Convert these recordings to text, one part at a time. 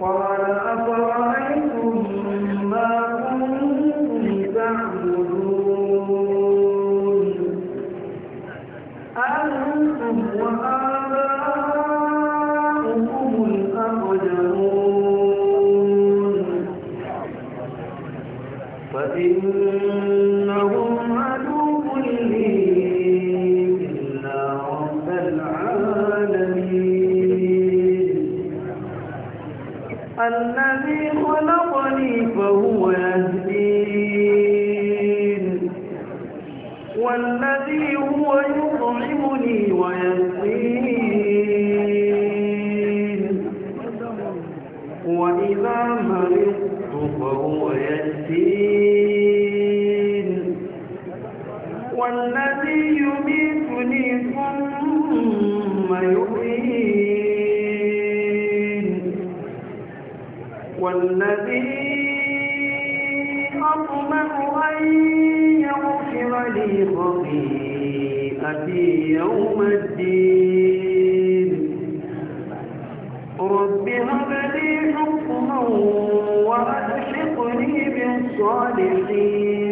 قال أفرأيتم ما كنتم تعبدون أنتم وآباؤكم الأقدمون فإن في خطيئتي يوم الدين رب هب لي حكما وألحقني بالصالحين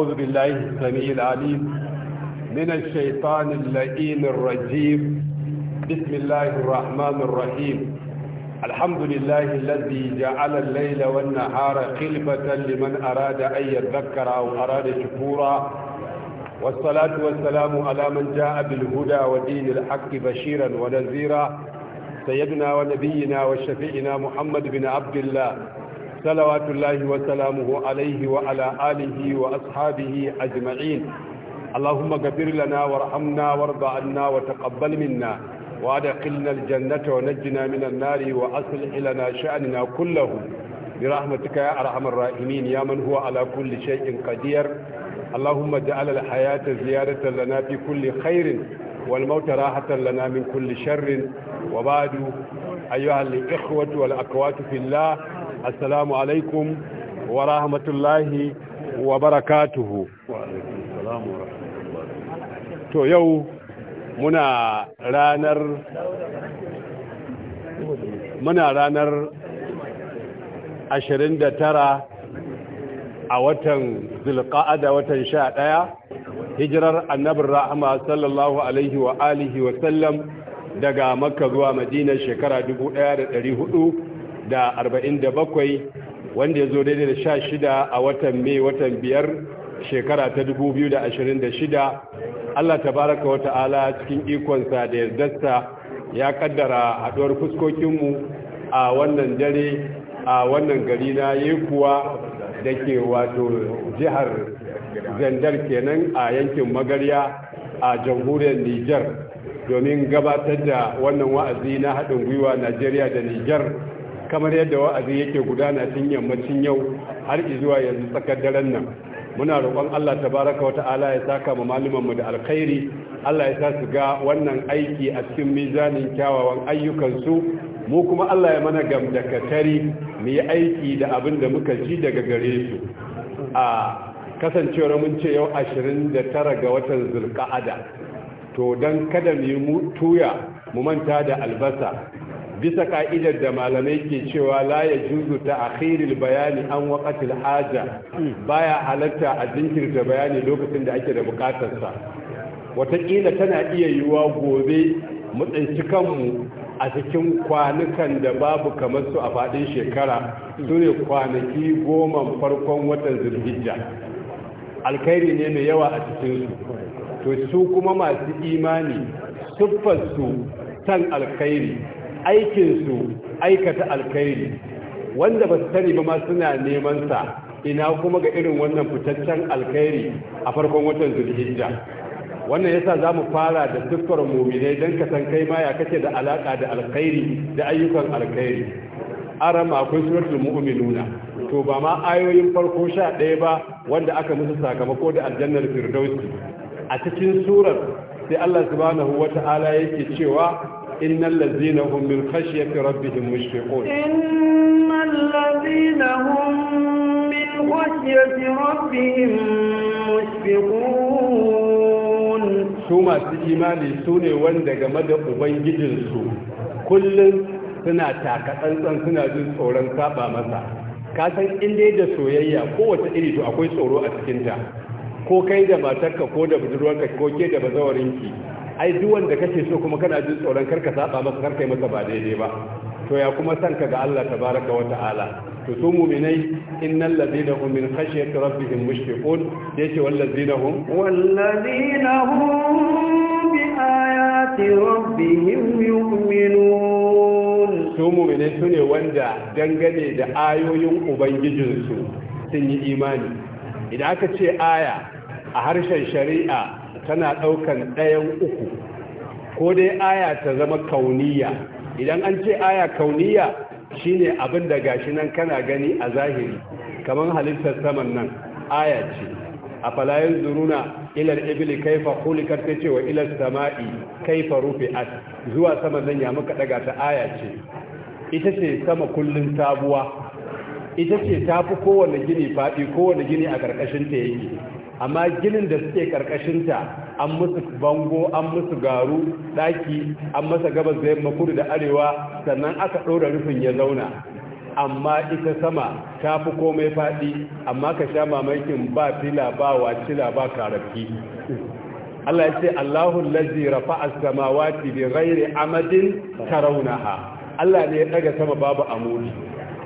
أعوذ بالله السميع العليم من الشيطان اللئيم الرجيم بسم الله الرحمن الرحيم الحمد لله الذي جعل الليل والنهار خلفة لمن أراد أن يذكر أو أراد شكورا والصلاة والسلام على من جاء بالهدى ودين الحق بشيرا ونذيرا سيدنا ونبينا وشفيعنا محمد بن عبد الله صلوات الله وسلامه عليه وعلى آله وأصحابه أجمعين اللهم اغفر لنا وارحمنا وارض عنا وتقبل منا وادخلنا الجنة ونجنا من النار وأصلح لنا شأننا كله برحمتك يا أرحم الراحمين يا من هو على كل شيء قدير اللهم اجعل الحياة زيادة لنا في كل خير والموت راحة لنا من كل شر وبعد أيها الإخوة والأكوات في الله assalamu alaikum wa rahmatullahi wa barakatuhu to yau muna ranar muna ranar 29 a watan zulqa'ada watan 11 hijirar annabin rahama sallallahu alaihi wa alihi wa sallam daga makka zuwa madina shekara 1400 da arba'in wanda ya zo daidai da sha shida a watan mai watan biyar shekara ta dubu biyu da ashirin da shida allah tabaraka wa ta'ala cikin ikonsa da yardarsa ya kaddara haɗuwar fuskokinmu a wannan dare a wannan gari na yekuwa da ke wato jihar zandar kenan a yankin magarya a jamhuriyar niger domin gabatar da wannan wa'azi na haɗin gwiwa najeriya da niger kamar yadda wa'azi yake gudana tun yammacin yau har zuwa yanzu tsakar daren nan muna roƙon Allah tabaraka wata ta'ala ya saka ma malaman mu da alkhairi Allah ya sa su ga wannan aiki a cikin mizanin kyawawan ayyukansu mu kuma Allah ya mana gamdakatari mu yi aiki da abin da muka ji daga gare su a kasancewar mun ce yau 29 ga watan zulqa'ada to dan kada mu tuya mu manta da albasa bisa ka'idar da malamai ke cewa la ya juzu ta akhiril bayani an waqatil haja baya halatta a jinkirta bayani lokacin da ake da bukatarsa wataƙila tana iya yiwuwa gobe mu kanmu a cikin kwanukan da babu kamar su a fadin shekara su ne kwanaki goma farkon watan zulhijja alkhairi ne mai yawa a cikin su to su kuma masu imani siffarsu san alkhairi aikinsu aikata alkhairi wanda ba su sani ba ma suna neman sa ina kuma ga irin wannan fitaccen alkhairi a farkon watan zulhijja wannan yasa za mu fara da siffar muminai don ka san kai ma ya kake da alaka da alkhairi da ayyukan alkhairi ma akwai suratul mu'minuna to ba ma ayoyin farko sha ɗaya ba wanda aka musu sakamako da aljannar firdausi a cikin surar sai Allah subhanahu ta'ala yake cewa إن الذين هم من خشية ربهم مشفقون إن الذين هم من خشية ربهم مشفقون su masu imani su ne wanda game da ubangijinsu kullum suna takatsantsan suna jin tsoron saba masa kasan inda da soyayya kowace iri to akwai tsoro a cikinta ko kai da matarka ko da budurwarka ko ke da bazawarinki ai duk wanda kake so kuma kana jin tsoron karka saba masa karka yi masa ba daidai ba to ya kuma san ka ga Allah tabaraka wa ta'ala to su mu'minai innal ladina hum min khashyati rabbihim mushfiqun yace wal ladina hum wal ladina hum bi ayati rabbihim yu'minun su mu'minai sune wanda dangane da ayoyin ubangijinsu sun yi imani idan aka ce aya a harshen shari'a tana ɗaukan ɗayan uku ko dai aya ta zama kauniya idan an ce aya kauniya shine abin da gashi nan kana gani a zahiri kamar halittar saman nan aya ce a falayen zuruna ilar ibili kaifa kulikar ta cewa ilar sama'i kaifa rufi'at zuwa sama nan ya muka daga ta aya ce ita ce sama kullun sabuwa ita ce ta fi kowane gini faɗi kowane gini a ƙarƙashin ta yake amma ginin da suke karkashinta an musu bango an musu garu daki an masa gabas da yamma kudu da arewa sannan aka ɗora rufin ya zauna amma ita sama ta fi komai faɗi amma ka sha mamakin ba fila ba wacila ba karafi Allah ya ce Allahun lazi rafa a samawati bi ghairi amadin tarawunaha Allah ne ya ɗaga sama babu amuri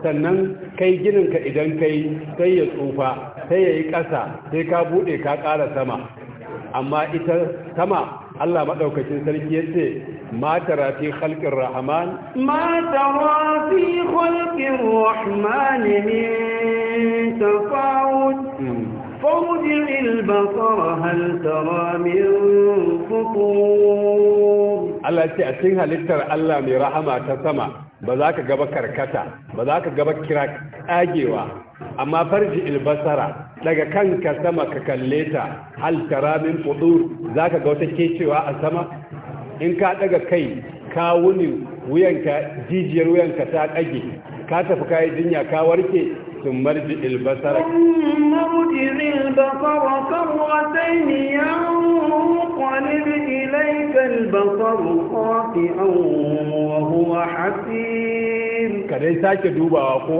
sannan kai ginin ka idan kai sai ya tsufa sai ya yi ƙasa sai ka buɗe ka ƙara sama amma ita sama Allah maɗaukacin sarki ya ce ma rafi fi rahman ma tara fi rahman ne ta hmm. farji al ilbasa hal tara min fukun Allah ce a cikin halittar Allah mai rahama ta sama ba za ka gaba karkata ba za ka gaba kira kagewa amma farji ilbasara daga kanka sama ka kalle ta hal tara min fudur za ka ga wata kecewa a sama in ka daga kai ka wuni wuyanka jijiyar wuyanka ta kage ka tafi kai jinya ka warke ثم ارجع البصر ثم ارجع البصر كرتين ينقلب إليك البصر خاطئا وهو حسير kadai sake dubawa ko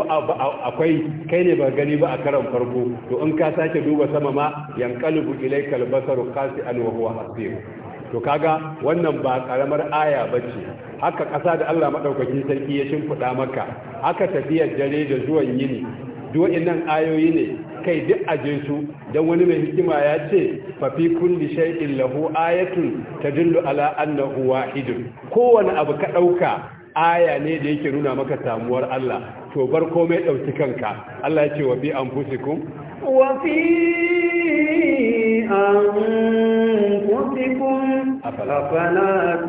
akwai kai ne ba gani ba a karan farko to in ka sake duba sama ma yanqalibu ilayka al-basaru qasi'an wa huwa hasir to kaga wannan ba ƙaramar aya bace haka ƙasa da Allah madaukakin sarki ya shimfiɗa maka haka tafiyar dare da zuwan yini duk nan ayoyi ne kai duk aje su dan wani mai hikima ya ce fafi kulli shay'in lahu ayatun ta tadullu ala annahu wahidun kowane abu ka ɗauka aya ne da yake nuna maka samuwar Allah to bar komai ɗauki kanka Allah ya ce wa fi anfusikum wa fi أنفسكم أفلا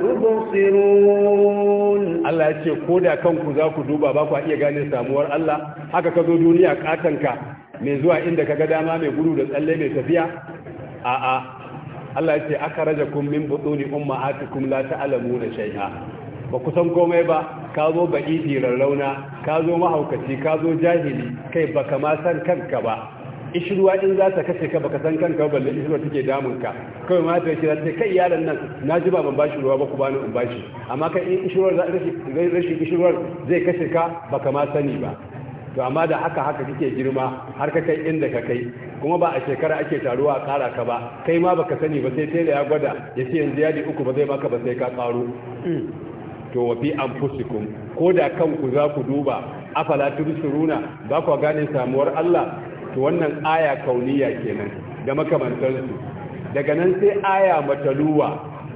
تبصرون الله يتشي كودا كنكو ذاكو دوبا a iya gane samuwar Allah? haka ka zo duniya katanka mai zuwa inda ka ga dama mai gudu da tsalle mai tafiya a'a Allah ya ce aka raja kun min butuni ummahatikum la alamu da shaiha. ba ku san komai ba ka zo ba idi rarrauna ka zo mahaukaci ka zo jahili kai ba kama san kanka ba ishirwa in za ta kashe ka baka san kanka balle ishirwa take damun ka kai ma ta kira ta kai yaron nan na ji ba ban bashi ruwa ba ku bani in bashi amma kai in ishirwar zai rashin ishirwa zai kashe ka baka ma sani ba to amma da haka haka kike girma har ka kai inda ka kai kuma ba a shekara ake taruwa a kara ka ba kai ma baka sani ba sai tela ya gwada ya ce yanzu yadi uku ba zai baka ba sai ka karo to wa fi anfusikum ko da kanku za ku duba afala tubsiruna ba ku gane samuwar Allah to wannan aya kauniya kenan da su daga nan sai aya mataluwa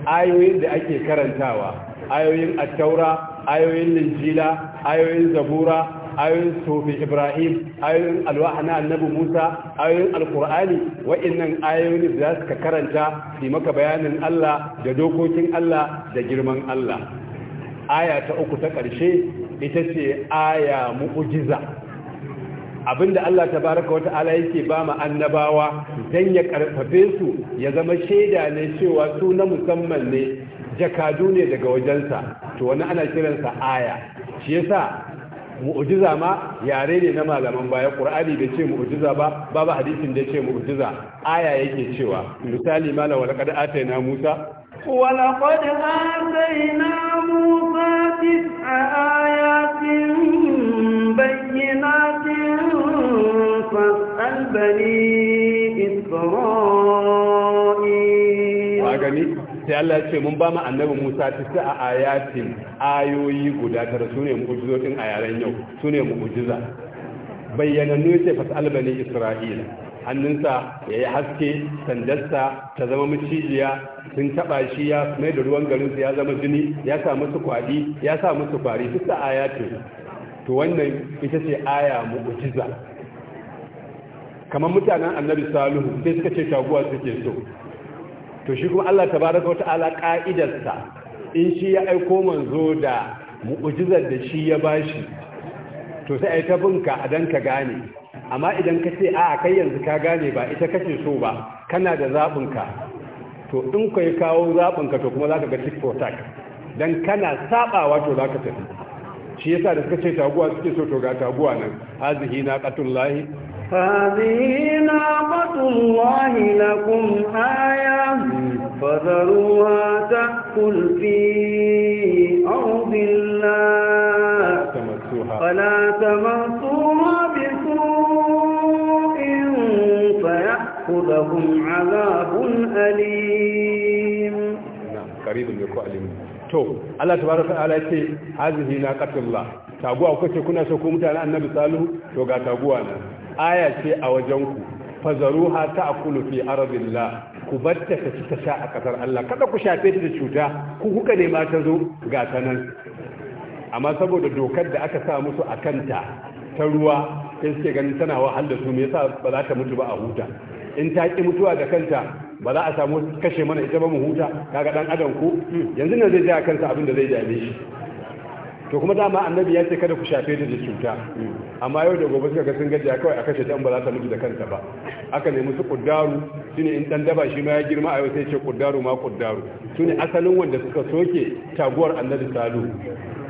ayoyin da ake karantawa ayoyin attaura ayoyin linjila ayoyin zabura ayoyin sufi ibrahim ayoyin alwaha na annabi musa ayoyin alkur'ani wa'annan ayoyin da za ka karanta su maka bayanin allah da dokokin allah da girman allah aya ta uku ta ƙarshe ita ce aya mu'ujiza Abin da Allah Ta baraka wata ala yake ba ma annabawa dan ya karfafe su ya zama shaida ne cewa su na musamman ne jakadu ne daga wajensa to wani ana kiransa aya shi yasa mu'ujiza ma yare ne na malaman baya qur'ani da ce mu'ujiza ba babu hadisin da ce mu'ujiza aya yake cewa misali mala wala qad atayna musa wala qad atayna musa tis'a ayatin بني sai Allah ya ce mun ba mu annabi Musa tisa a ayatin ayoyi guda tara sune mu'jizotin a yaren yau sune mu'jiza ne ce fasal bani Isra'ila hannunsa ya yi haske sandarsa ta zama macijiya sun taba shi ya mai da ruwan garinsa ya zama jini ya sa musu kwadi ya sa musu kwari duk da aya ce to wannan ita ce aya mu'jiza kamar mutanen annabi saluhu sai suka ce taguwa suke so to shi kuma Allah tabaraka wata'ala ka'idarsa in shi ya aiko manzo da mu'ujizar da shi ya bashi to sai ai ta binka a dan ka gane amma idan ka ce a kai yanzu ka gane ba ita kace so ba kana da zabin ka to in ka yi kawo zabin ka to kuma zaka ga tick for tack dan kana sabawa to zaka tafi shi yasa da suka ce taguwa suke so to ga taguwa nan hazihi na qatullahi هذه ناقة الله لكم آية فذروها تأكل في أرض الله فلا تمسوها بسوء فيأخذهم عذاب أليم نعم قريب يكون أليم تو Allah tabaraka ta'ala yace hazihi naqatullah taguwa ce kuna so ku mutane annabi salihu to ga taguwa na aya ce a wajen ku fazaruha ta'kulu fi ardillah ku batta ta ci ta sha a kasar Allah kada ku shafe ta da cuta ku kuka ne ma ta zo ga ta nan amma saboda dokar da aka sa musu a kanta ta ruwa sai suke ganin tana wahal da su me yasa ba za ta mutu ba a huta in ta ki mutuwa da kanta ba za a samu kashe mana ita ba mu huta kaga dan adam ko yanzu nan zai ja kansa abin da zai dame shi to kuma dama annabi ya ce kada ku shafe da cuta amma yau da gobe suka ga sun gaji kawai a kashe dan ba za ta mutu da kanta ba aka nemi su kuddaru shine in dan daba shi ma ya girma a yau sai ce kuddaru ma kuddaru sune asalin wanda suka soke taguwar annabi salu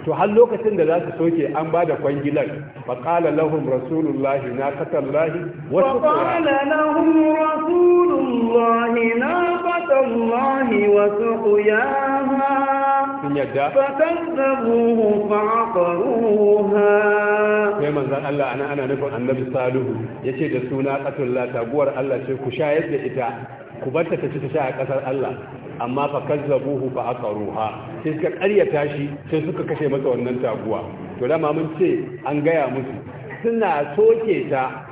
to har lokacin da za su soke an ba da kwangilar qala lahum rasulullahi na qatallahi wa qala lahum الله ناقة الله وسقياها فكذبوه فعقروها sai manzan Allah ana ana nufin annabi salihu ya ce da suna ƙasar taguwar Allah ce ku shayar da ita ku barta ta ci ta sha a ƙasar Allah amma fa kazzabuhu fa aqaruha sai suka ƙaryata shi sai suka kashe masa wannan taguwa to da mun ce an gaya musu suna soke ta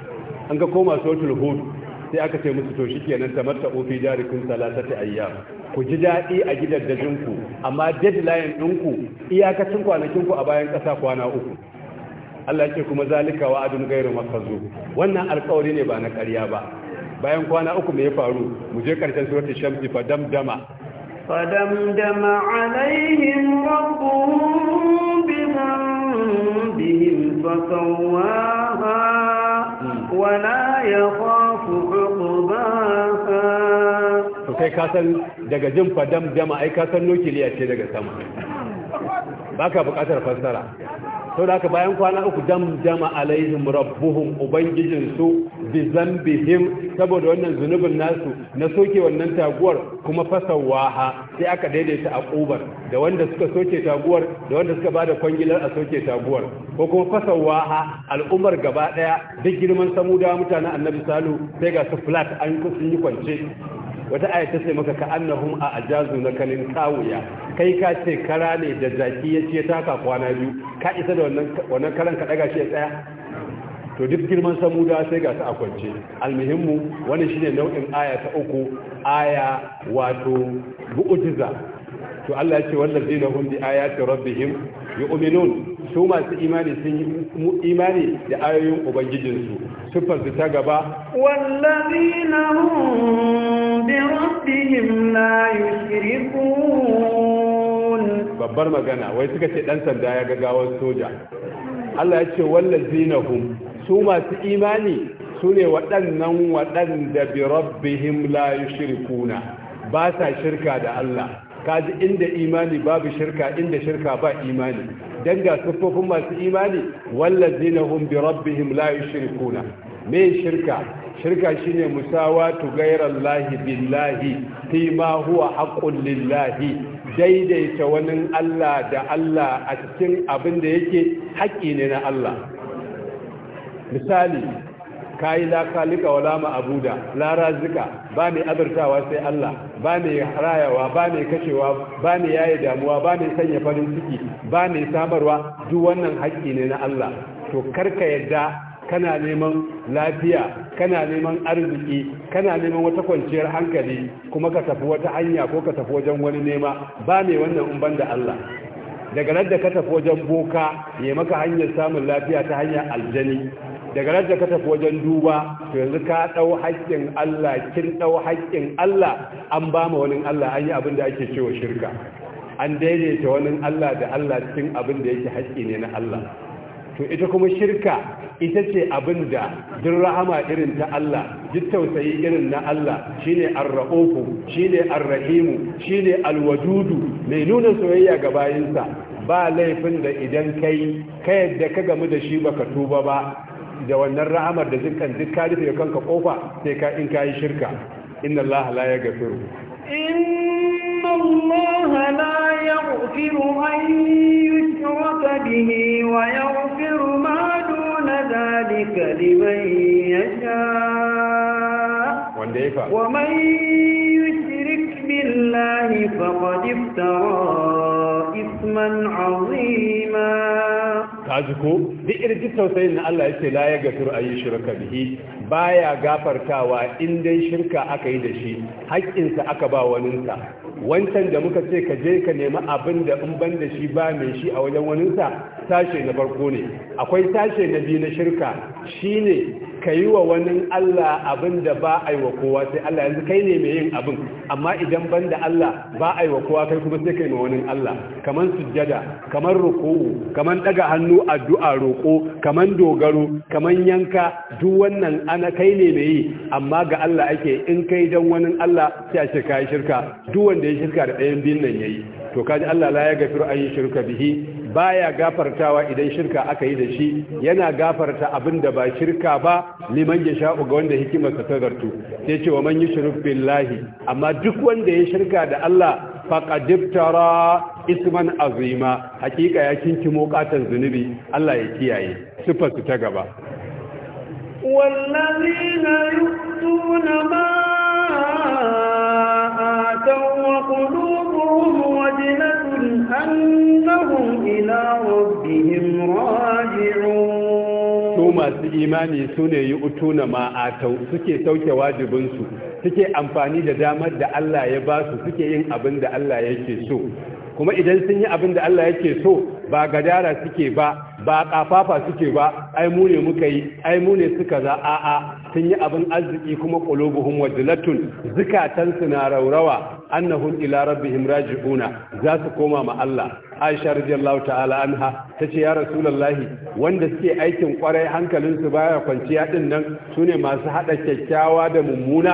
an ga koma sotul hud sai aka ce musu to shikenan tamatta ofi jarikum salatati ayya. ku ji daɗi a gidaddajin ku amma deadline ɗinku iyakacin kwanakin ku a bayan ƙasa kwana uku Allah ce kuma zalika wa'adun ghairu makazzu wannan alƙawari ne ba na ƙarya ba bayan kwana uku me ya faru mu je karshen suratul shamsi fa damdama fa damdama alaihim rabbuhum bihim fa sawwaha wa la yaqaf to kai ka daga jin fadam jama'a ka san nukiliya ce daga sama baka bukatar fassara sau da haka bayan kwana uku dam jama alaihim rabbuhum ubangijinsu bi zambihim saboda wannan zunubin nasu na soke wannan taguwar kuma fasawaha sai aka daidaita a ƙubar da wanda suka soke taguwar da wanda suka bada kwangilar a soke taguwar ko kuma waha al'ummar gaba ɗaya duk girman samuda mutanen annabi salu sai ga su flat an sun yi kwance wata aya ta ce maka ka annahum a ajazu na kalin kawuya kai ka ce kara ne da zaki ya ce taka kwana biyu ka isa da wannan karan ka daga shi ya tsaya to duk girman da sai ga su a kwance almuhimmu wani shine nau'in aya ta uku aya wato mu'jiza to Allah ya ce wallazina hum bi ayati rabbihim yu'minun su masu imani sun yi imani da ayoyin ubangijinsu su su ta gaba wallazina hum bi rabbihim la yushrikun babbar magana wai suka ce dan sanda ya ga gawar soja Allah ya ce wallazina hum su masu imani su ne waɗannan waɗanda bi rabbihim la yushrikuna ba sa shirka da Allah kaji inda imani babu shirka inda shirka ba imani dan ga masu imani wallazina hum bi rabbihim la yushrikuna me shirka shirka shine Tugairar ghayrallahi billahi fi ma huwa haqqun lillahi daidaita wani Allah da Allah a cikin abin da yake haƙƙi ne na Allah misali kayi yi kalika wa ma'abuda Abuda, larazika ba ne azurtawa sai Allah ba ne rayawa ba ne kashewa ba ne yaye damuwa ba ne sanya farin ciki ba ne samarwa duk wannan haƙƙi ne na Allah to karka yadda kana neman lafiya kana neman arziki kana neman wata kwanciyar hankali kuma ka tafi wata hanya ko ka tafi wajen wani nema ba ne wannan in da Allah daga ladda ka tafi wajen boka ya maka hanyar samun lafiya ta hanyar aljani daga rajja ka tafi wajen duba to yanzu ka ɗau haƙƙin Allah kin dau haƙƙin Allah an ba mu wani Allah an yi abin da ake cewa shirka an daidaita wani Allah da Allah cikin abin da yake haƙƙi ne na Allah to ita kuma shirka ita ce abin da duk rahama irin ta Allah duk tausayi irin na Allah shine ar-raufu shine ar-rahimu shine al-wadudu mai nuna soyayya ga bayinsa ba laifin da idan kai ka yadda ka gamu da shi baka tuba ba da wannan ra'amar da dukkan duk ka rufe kanka kofa sai ka in kayi shirka inna allaha la yaghfiru inna allaha la yaghfiru an yushraka bihi wa yaghfiru ma duna dhalika liman yasha wanda ya wa man yushrik billahi faqad iftara azima kaji ko duk irin tausayin na Allah yace la ya gafiru ayi shirka bihi baya gafartawa in dai shirka aka yi da shi sa aka ba sa, wancan da muka ce ka je ka nemi abin da in ban da shi ba mai shi a wajen wani sa, sashe na farko ne akwai sashe na biyu na shirka shine ka yi wa wani Allah abin da ba a yi wa kowa sai Allah yanzu kai ne mai yin abin amma idan ban da Allah ba a yi wa kowa kai kuma sai kai ma wani Allah kamar sujjada kamar ruku'u kamar daga hannu addu'a roko kamar dogaro kamar yanka duk wannan ana kai ne mai yi amma ga Allah ake in kai dan wani Allah sai a ce kai shirka duk wanda ya shirka da ɗayan biyun nan yi to kaji Allah la ya gafiru an yi shirka bihi baya gafartawa idan shirka aka yi da shi yana gafarta abin da ba shirka ba liman ya sha ga wanda hikimar ta tagartu sai ce wa man yushruk billahi amma duk wanda ya shirka da Allah faqad iftara isman azima hakika ya kinki mokatan zunubi Allah ya kiyaye sifar su ta gaba wallazina يؤتون ma آتوا وقلوبهم وجلة أن هم إلى ربهم راجعون masu imani su ne yi utuna ma'atau suke sauke wajibinsu suke amfani da damar da Allah ya ba su suke yin abin da Allah yake so kuma idan sun yi abin da Allah yake so ba gadara suke ba ba kafafa suke ba ai mu ne muka yi ai mu ne suka za a a sun yi abin arziki kuma qulubuhum wajlatun zikatan na raurawa annahum ila rabbihim raji'una za su koma ma Allah aisha radiyallahu ta'ala anha tace ya rasulullahi wanda suke aikin kwarai hankalinsu baya kwanciya din nan sune masu haɗa kyakkyawa da mummuna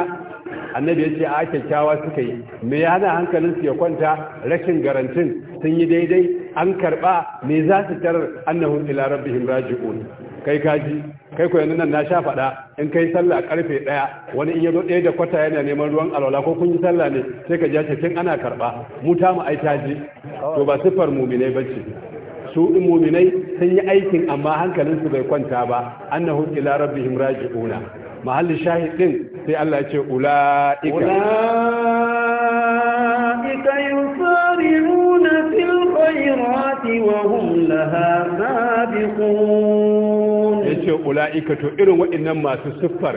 annabi ya ce a kyakkyawa suka yi me ya hana hankalinsu ya kwanta rashin garantin sun yi daidai an karba me za su tarar annahum ila rabbihim raji'un kai kaji kai ko yanzu nan na sha faɗa in kai sallah karfe ɗaya wani in yazo ɗaya da kwata yana neman ruwan alwala ko kun yi sallah ne sai ka jace tun ana karɓa mu ta mu ai taji to ba sifar muminai bacci, su muminai sun yi aikin amma hankalinsu bai kwanta ba annahu ila rabbihim raji'una mahalli shahid din sai Allah ya ce ula'ika ula'ika yusari'una fil khayrati wa hum laha sabiqun ya ce ula'ika to irin waɗannan masu siffar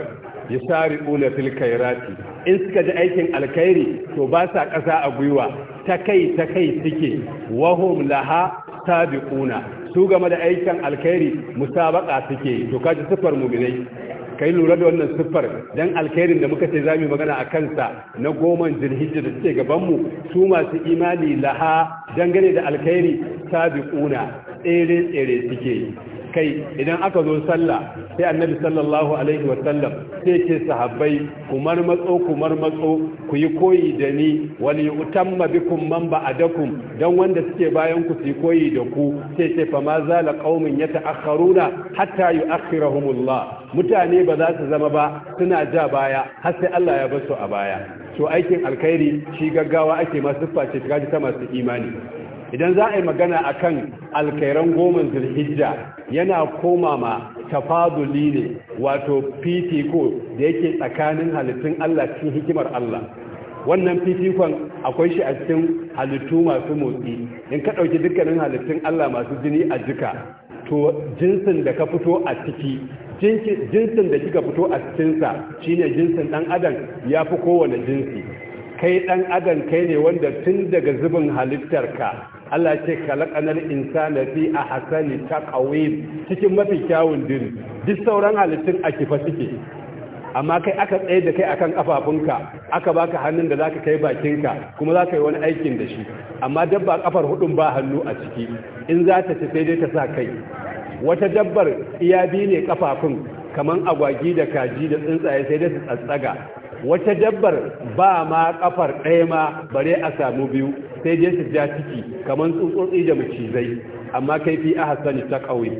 ya sari ula fil in suka ji aikin alkhairi to ba sa ƙasa a gwiwa ta kai ta kai suke wahum laha sabiquna su game da aikin alkhairi musabaka suke to kaji siffar mu'minai kai lura da wannan siffar dan alkhairin da muka ce zamu magana a kansa na goman zulhijja da suke gaban su masu imani laha dangane da alkhairi sabiquna tsere tsere suke kai idan aka zo sallah sai annabi sallallahu alaihi wasallam sai ce sahabbai kumar matso kumar matso ku yi koyi da ni wal yutamma bikum man ba'adakum dan wanda suke bayan ku su koyi da ku sai ce fa ma zala qaumin yata'akharuna hatta yu'akhirahumullah mutane ba za su zama ba suna ja baya har sai Allah ya bar su a baya to aikin alkhairi shi gaggawa ake masu face ta masu imani idan za a yi magana akan alkhairan goma zulhijja yana koma ma tafaduli ne wato fitiko da yake tsakanin halittun Allah cikin hikimar Allah wannan fitikon akwai shi a cikin halittu masu motsi in ka ɗauki dukkanin halittun Allah masu jini a jika to jinsin da ka fito a ciki jinsin da kika fito a cikinsa shine jinsin ɗan adam ya fi kowane jinsi kai ɗan adam kai ne wanda tun daga zubin halittarka Allah ya ce kalakanar insana fi ahsani taqwim cikin mafi kyawun diri duk sauran halittun a kifa suke amma kai aka tsaye da kai akan kafafunka aka baka hannun da zaka kai bakinka kuma zaka yi wani aikin da shi amma dabba kafar hudun ba hannu a ciki in za ta ci dai ta sa kai wata dabbar iya bi ne kafafun kaman agwagi da kaji da tsuntsaye sai dai su tsatsaga wata dabbar ba ma kafar ɗaya ma bare a samu biyu sai dai su ja ciki kamar tsuntsotsi da macizai amma kai fi hasani ta kauye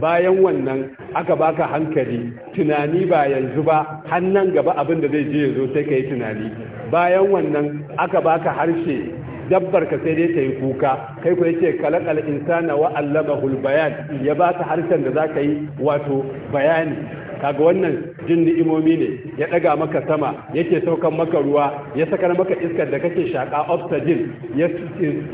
bayan wannan aka baka hankali tunani ba yanzu ba hannan gaba abin da zai je zo sai ka yi tunani bayan wannan aka baka harshe dabbar ka sai dai ta yi kuka kai ko yace kalaqal insana wa allamahu bayan ya ba ta harshen da zaka yi wato bayani kaga wannan jin ni'imomi ne ya daga maka sama yake saukan maka ruwa ya sakar maka iskar da kake shaka oxygen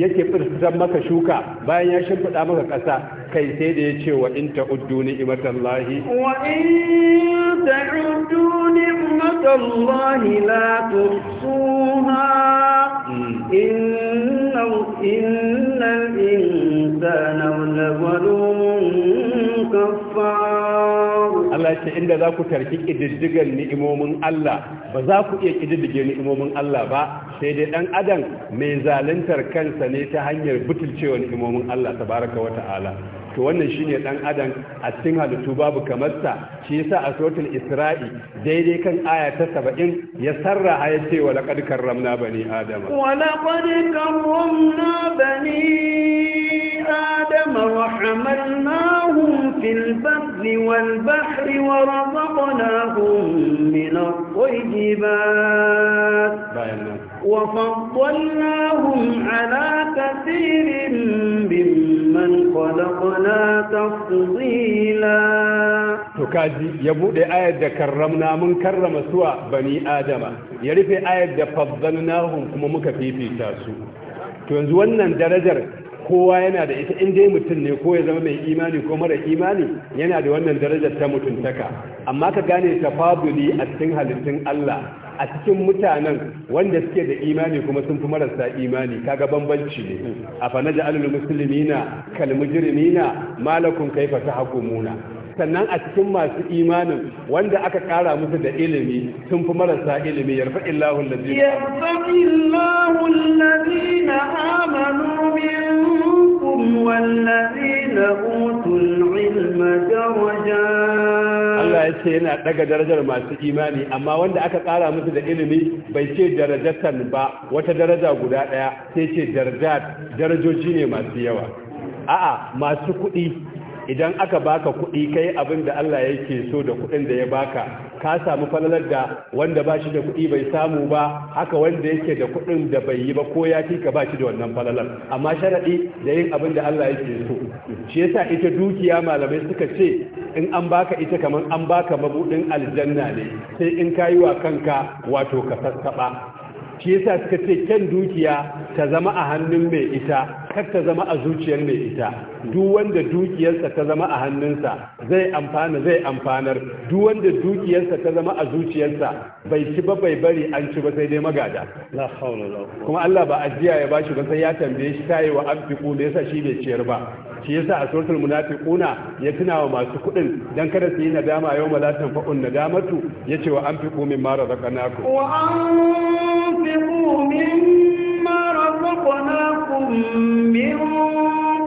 yake firtar maka shuka bayan ya shimfiɗa maka ƙasa kai sai da ya ce wa in ta'uddu ni'matallahi wa in ta'uddu ni'matallahi la tuhsuha hmm. إن الإنسان Allah ce inda za ku tarki ƙididdigar ni'imomin Allah ba za ku iya ƙididdige ni'imomin Allah ba sai dai ɗan adam mai zaluntar kansa ne ta hanyar butulcewa ni'imomin Allah tabaraka wa ta'ala to wannan shine dan adam a cikin halittu babu kamar sa shi yasa a suratul isra'i daidai kan aya ta 70 ya sarra ya ce wa laqad karramna bani adama wa laqad karramna bani adama wa hamalnahum fil barri wal bahri wa razaqnahum min at-tayyibat وفضلناهم ala كثير kwanakwana ta fuzila to kaji ya buɗe ayar da karramna mun karrama suwa bani adama ya rufe ayar da fabbal nahun kuma muka fifita su to yanzu wannan darajar kowa yana da ita inda mutum ne ko ya zama mai imani ko mara imani yana da wannan darajar ta mutuntaka amma ka gane tafaduli a cikin halittun Allah a cikin mutanen wanda suke da imani kuma sun fi marasa imani kaga bambanci ne a fa naj'alul muslimina kal mujrimina malakum kayfa tahkumuna sannan a cikin masu imanin wanda aka kara musu da ilimi sun fi marasa ilimi yarfa illahu allazi yarfa illahun allazi na amanu minkum wallazi na hutun ilma daraja Allah ya ce yana daga darajar masu imani amma wanda aka kara musu da ilimi bai ce darajatan ba wata daraja guda daya sai ce darajat darajoji ne masu yawa a'a masu kuɗi idan aka baka kuɗi kai abin da Allah yake so da kuɗin da ya baka ka samu falalar da wanda ba shi da kuɗi bai samu ba haka wanda yake da kuɗin da bai yi ba ko ya ka ba shi da wannan falalar amma sharaɗi da yin abin da Allah yake so shi yasa ita dukiya malamai suka ce in an baka ita kamar an baka mabuɗin aljanna ne sai in ka yi wa kanka wato ka sassaɓa shi yasa suka ce kyan dukiya ta zama a hannun mai ita kar ta zama a zuciyar mai ita duk wanda dukiyarsa ta zama a hannunsa zai amfana zai amfanar duk wanda dukiyarsa ta zama a zuciyarsa bai ci ba bai bari an ci ba sai dai magada kuma Allah ba ajiya ya bashi ba sai ya tambaye shi tayi wa abdiku da yasa shi bai ciyar ba shi yasa a suratul munafiquna ya tuna wa masu kuɗin dan kada su yi nadama yau ma la ta fa'un nadamatu yace wa anfiqu mimma razaqnakum wa anfiqu mimma razaqnakum لكم من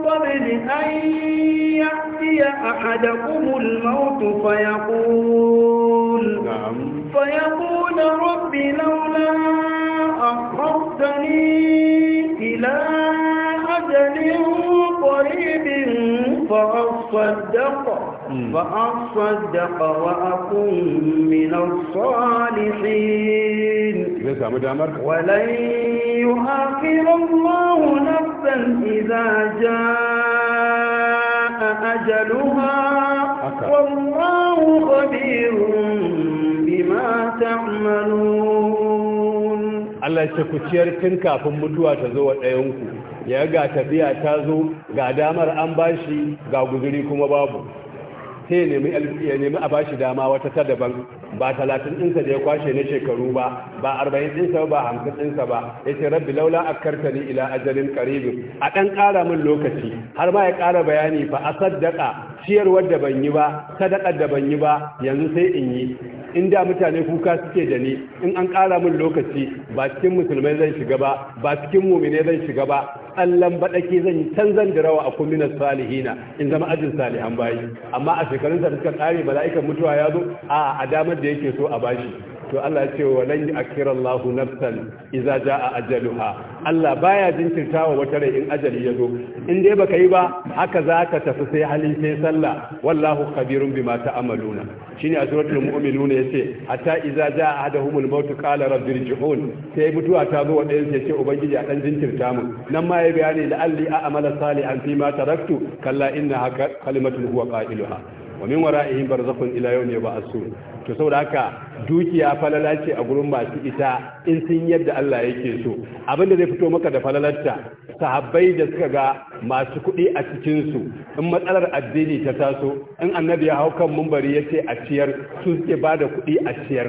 قبل أن يأتي أحدكم الموت فيقول نعم. فيقول رب لولا أخرتني إلى أجل قريب فأصدق فأصدق وأكون من الصالحين ولن يؤخر الله نفسا إذا جاء أجلها والله خبير بما تعملون الله يشكوشير تنكا فمدوها تزوى الأيونكو ya ga tafiya ta zo ga damar an bashi ga guzuri kuma babu sai ya nemi ya nemi a bashi dama wata ta daban ba talatin ɗinsa da ya kwashe na shekaru ba ba arba'in ɗinsa ba hamsin ɗinsa ba ya ce rabbi laula a kartani ila ajalin karibin a ɗan ƙara min lokaci har ma ya ƙara bayani fa a sadaka ciyarwar da ban yi ba sadaka da ban yi ba yanzu sai in yi in da mutane kuka suke da ni in an ƙara min lokaci ba cikin musulmai zan shiga ba ba cikin mumine zan shiga ba tsallan ke zan yi canzan da rawa a kuminan salihina in zama ajin salihan bayi amma a shekarunsa da suka ƙare mala'ikan mutuwa ya zo a a damar da yake so a bashi to Allah ya ce wa lan kiran Allah nafsan idza jaa ajaluha Allah baya jinkirtawa wata rai in ajali ya zo in dai baka yi ba haka zaka tafi sai halin sai sallah wallahu khabirun bima ta'maluna shine a suratul mu'minun yace hatta idza jaa ahaduhumul maut qala rabbi sai mutuwa ta zo wanda yace ce ubangiji a dan jinkirta mu nan ma ya bayani la alli a'mala salihan fi ma taraktu kalla inna kalimatu huwa qailuha wa min wara'ihim barzakhun ila yawmi yub'athun to saboda haka dukiya falala ce a gurin masu ita in sun yadda Allah yake so Abin da zai fito maka da falalarta sahabbai da suka ga masu kuɗi a cikin su in matsalar addini ta taso in annabi ya hau kan mumbari ya ce a ciyar su suke ba da kuɗi a ciyar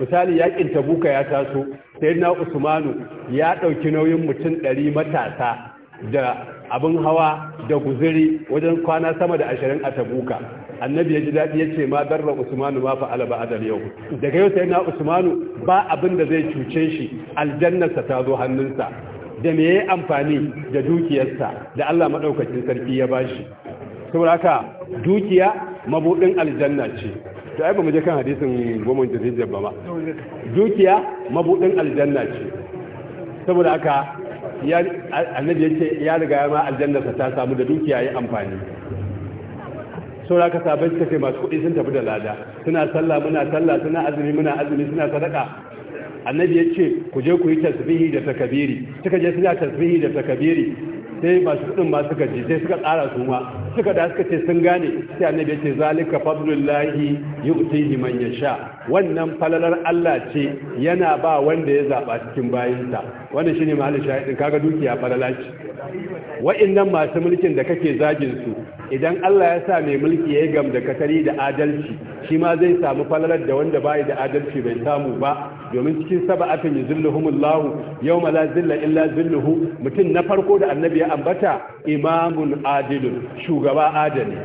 misali yakin tabuka ya taso sai na usmanu ya ɗauki nauyin mutum ɗari matasa da abin hawa da guziri wajen kwana sama da ashirin a tabuka annabi ya ji daɗi ya ce ma darra usmanu ma fa'ala ba adal yau daga yau sai na usmanu ba abin da zai cuce shi aljannarsa ta zo hannunsa da me yayi amfani da dukiyarsa da Allah madaukakin sarki ya bashi saboda haka dukiya mabudin aljanna ce to ai ba mu je kan hadisin goma jirgin ba ma dukiya mabudin aljanna ce saboda haka annabi ya ce ya riga ma aljannarsa ta samu da dukiya ya amfani saura ka sabai suka ce masu kuɗi sun tafi da lada suna sallah muna sallah suna azumi muna azumi suna sadaka annabi ya ce ku je ku yi tasbihi da takabiri suka je suna tasbihi da takabiri sai masu kuɗin masu suka ji sai suka tsara su ma suka da suka ce sun gane sai annabi ya ce zalika fadlullahi yu'tihi man yasha wannan falalar Allah ce yana ba wanda ya zaba cikin bayinsa wannan shine mahallin shahidin kaga dukiya falala ce wa'annan masu mulkin da kake zagin su idan Allah ya sa mai mulki ya gam da katari da adalci shi ma zai samu falalar da wanda bai da adalci bai samu ba domin cikin sab'atin yuzilluhumullahu yawma la zilla illa zilluhu mutum na farko da annabi ya ambata imamun adilun shugaba adali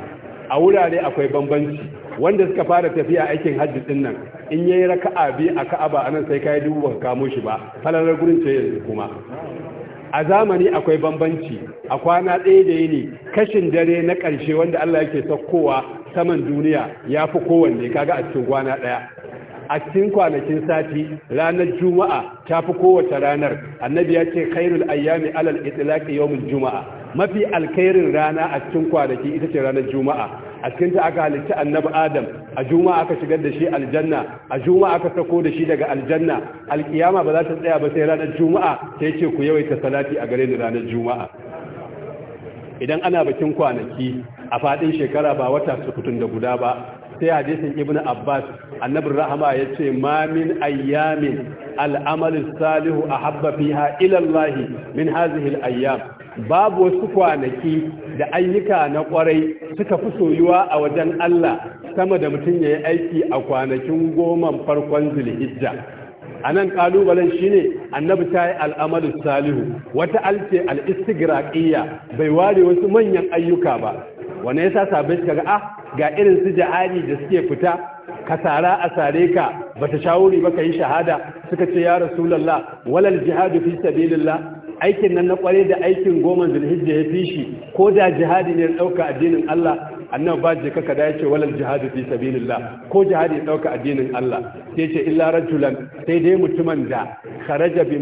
a wurare akwai bambanci wanda suka fara tafiya aikin hajji din nan in yayi raka'a bi a Ka'aba anan sai kai dubu ba kamo shi ba falalar gurin ce yanzu kuma a zamani akwai bambanci a kwana ɗaya da yini kashin dare na ƙarshe wanda Allah yake saukowa saman duniya ya fi kowanne kaga a cikin kwana ɗaya a cikin kwanakin sati ranar juma'a ta fi kowace ranar annabi ya ce khairul ayyami alal itlaqi yawmul juma'a mafi alkhairin rana a cikin kwanaki ita ce ranar juma'a a cikin ta aka halitta annabi adam a juma'a aka shigar da shi aljanna a juma'a aka sako da shi daga aljanna alkiyama ba za ta tsaya ba sai ranar juma'a sai ce ku yawaita salati a gare ni ranar juma'a idan ana bakin kwanaki a fadin shekara ba wata sukutun da guda ba sai hadisin ibnu abbas annabi rahama ya ce ma min ayyamin al'amalin salihu a fiha ila ilallahi min hazihil ayyam babu wasu kwanaki da ayyuka na kwarai suka fi soyuwa a wajen Allah sama da mutum ya yi aiki a kwanakin goman farkon zulhijja a nan ƙalubalen shi ne annabi ta yi al'amalu salihu wata alce al'istigraƙiyya bai ware wasu manyan ayyuka ba wane yasa sabai ka ga ah ga irin su jihadi da suke fita ka sara a sare ka bata shawuri ba ka yi shahada suka ce ya lalla. walal jihadu fi sabilillah aikin nan na kware da aikin goma zulhijja ya fi shi ko da jihadi ne ɗauka addinin Allah annabi ba je kaka da yace walal jihadu fi sabilillah ko jihadi ya dauka addinin Allah sai ce illa rajulan sai dai mutumin da kharaja bi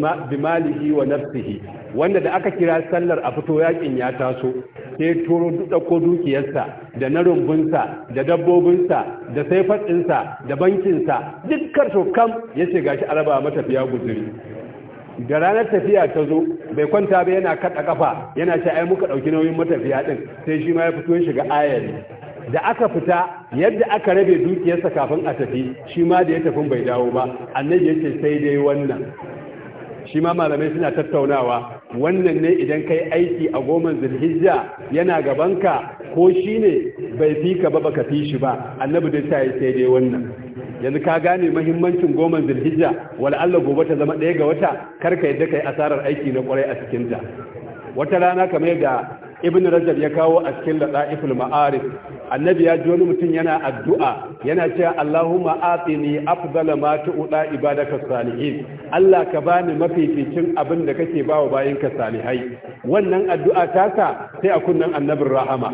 malihi wa nafsihi wanda da aka kira sallar a fito yakin ya taso sai turo ko dukiyarsa da na rumbunsa da dabbobinsa da saifatsinsa da bankinsa dukkan to kam yace gashi araba matafiya guzuri da ranar tafiya ta zo bai kwanta ba yana kaɗa kafa yana ce ai muka ɗauki nauyin matafiya ɗin sai shi ma ya fito ya shiga ayari da aka fita yadda aka rabe dukiyarsa kafin a tafi shi ma da ya tafi bai dawo ba annabi ya ce sai dai wannan shi ma malamai suna tattaunawa wannan ne idan kai aiki a goman zulhijja yana gaban ka, ko shi ne bai fi ka ba baka fi shi ba annabi dai tayi sai dai wannan yanzu ka gane mahimmancin goman zulhijja wala Allah gobe ta zama ɗaya ga wata kar ka yadda kai asarar aiki na kwarai a cikin ta wata rana kamar da ibn rajab ya kawo a cikin ladaiful ma'arif annabi ya ji wani mutum yana addu'a yana cewa Allahumma atini afdala ma tu'da ibadaka salihin Allah ka bani mafificin abin da kake bawa bayinka salihai wannan addu'a ta sa sai a kunnan annabin rahama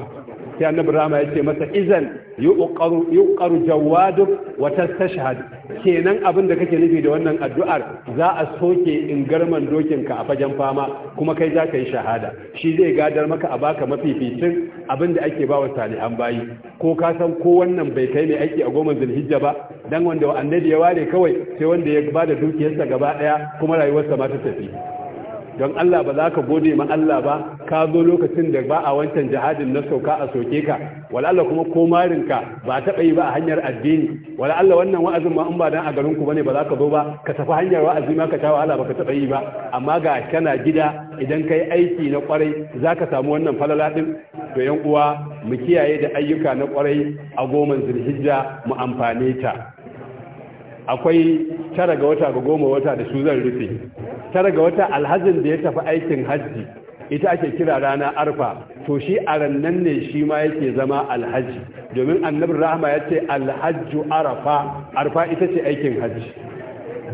sai annabi rama ya ce masa izan ƙoƙaru jawadu wa tastashhad kenan abin da kake nufi da wannan addu'ar za a soke in garman dokinka a fagen fama kuma kai za ka yi shahada shi zai gadar maka a baka mafificin abin da ake ba bawa salihan bayi ko ka san ko wannan bai kai mai aiki a goma zulhijja ba dan wanda annabi ya ware kawai sai wanda ya bada dukiyarsa gaba ɗaya kuma rayuwarsa ma ta tafi don Allah ba za ka gode ma Allah ba ka zo lokacin da ba a wancan jihadin na sauka a soke ka wala Allah kuma ko marinka ba taɓa yi ba a hanyar addini wala Allah wannan wa'azin ma in ba dan a garin ku bane ba za ka zo ba ka tafi hanyar wa'azi ma ka tawa wahala ba ka taɓa yi ba amma ga kana gida idan kai aiki na kwarai za ka samu wannan falala din to yan uwa mu kiyaye da ayyuka na kwarai a goman zulhijja mu amfane ta akwai tara ga wata ga goma wata da su zan rufe tara ga wata alhajin da ya tafi aikin hajji ita ake kira rana arfa to shi a rannan ne shi ma yake zama alhaji domin Annabi rahama ya ce alhajju arafa arfa ita ce aikin hajji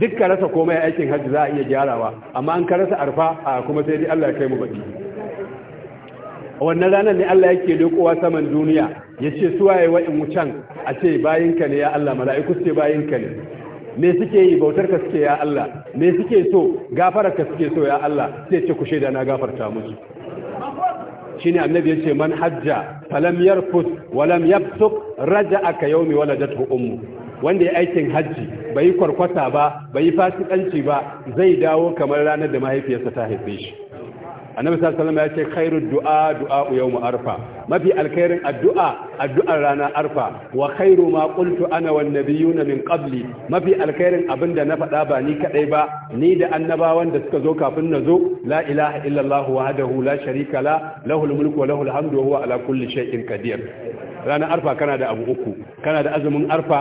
duk ka rasa komai aikin hajji za a iya gyarawa amma an ka rasa arfa a kuma sai dai Allah ya kai mu baki wannan ranar ne Allah yake lekowa saman duniya ya ce suwaye wa'in wucan a ce bayinka ne ya Allah su ce bayinka ne me suke yi bautar ka suke ya Allah me suke so gafara ka suke so ya Allah sai ce ku shaida na gafarta musu shine annabi yace man hajja falam yarfut walam yafsuk raja'a ka yawmi waladatu ummu wanda ya aikin hajji bai kwarkwata ba bai fasikanci ba zai dawo kamar ranar da mahaifiyarsa ta haife shi annabi sallallahu alaihi wasallam ya ce kairu du'a du'a yawm arfa mafi alkhairin addu'a addu'ar rana arfa wa khairu ma qultu ana wan nabiyuna min qabli mafi alkhairin abinda na faɗa ba ni kadai ba ni da annabawan da suka zo kafin na zo la ilaha illallah wahdahu la sharika la lahul mulku wa lahul hamdu wa huwa ala kulli shay'in qadir ranar arfa kana da abu uku kana da azumin arfa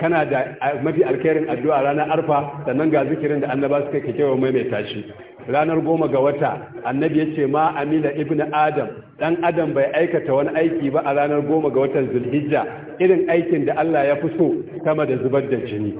kana da mafi alkhairin addu'a ranar arfa sannan ga zikirin da annaba suka kekewa maimaita shi ranar goma ga wata annabi ya ce ma Amina ibn adam dan adam bai aikata wani aiki ba a ranar goma ga watan zulhijja irin aikin da Allah ya fi so sama da zubar da jini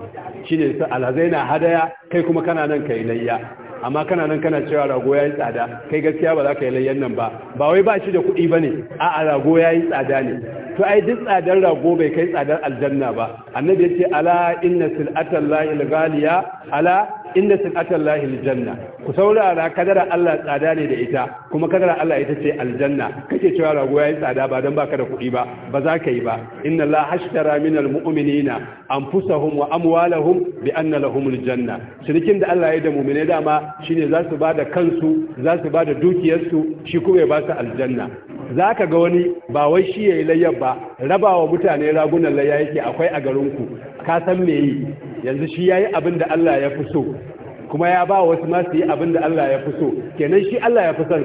shine alhazai na hadaya kai kuma kana nan kai layya amma kana nan kana cewa rago yayi tsada kai gaskiya ba za ka yi layyan nan ba ba wai ba shi da kuɗi ba a a'a rago yayi tsada ne to ai duk tsadar rago bai kai tsadar aljanna ba annabi ya ce ala inna silatan la ilgaliya ala inda sun atallahi aljanna ku saurara kadara Allah tsada ne da ita kuma kadara Allah ita ce aljanna kake cewa rago yi tsada ba dan baka da kuɗi ba ba za ka yi ba inna la hashtara minal mu'minina anfusahum wa amwalahum bi anna lahumul janna shirkin da Allah ya yi da mu'mine dama shine za su bada kansu za su bada dukiyarsu shi kuma ya ba su aljanna za ka ga wani ba wai shi yayi yi layyar ba rabawa mutane ragunan layya yake akwai a garinku ka san me yi yanzu shi ya yi abin da Allah ya fi so kuma ya ba wasu masu yi abin da Allah ya fi so kenan shi Allah ya fi son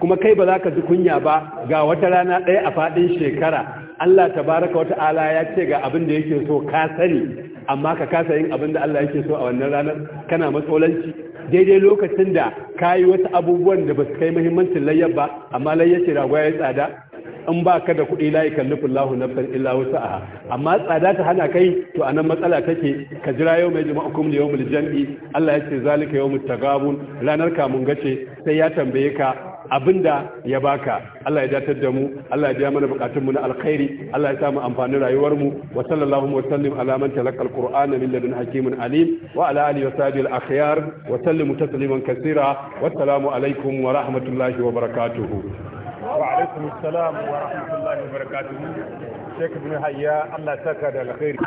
kuma kai ba za ka ji kunya ba ga wata rana ɗaya a faɗin shekara Allah ta baraka wata ala ya ce ga abin da yake so ka sani amma ka kasa yin abin da Allah yake so a wannan ranar kana matsolanci daidai lokacin da ka yi wasu abubuwan da ba su kai muhimmancin layyar ba amma layyar ce ragwaya ya tsada in ba ka da kuɗi la yukallifu na nafsan illa wus'aha amma tsada ta hana kai to a nan matsala take ka jira yau mai jama'a kum li yawmil jam'i Allah ya ce zalika yawmut tagabun ranar kamun gace sai ya tambaye ka abinda ya baka Allah ya datar da mu Allah ya biya mana bukatun mu na alkhairi Allah ya samu amfanin rayuwar mu wa sallallahu wa sallim ala man talaqa alquran min ladun hakimin alim wa ala alihi wa sahbihi al-akhyar wa sallimu tasliman katsira wa assalamu alaikum wa rahmatullahi wa barakatuh وعليكم السلام ورحمة الله وبركاته شيخ ابن حيا الله سكر الخير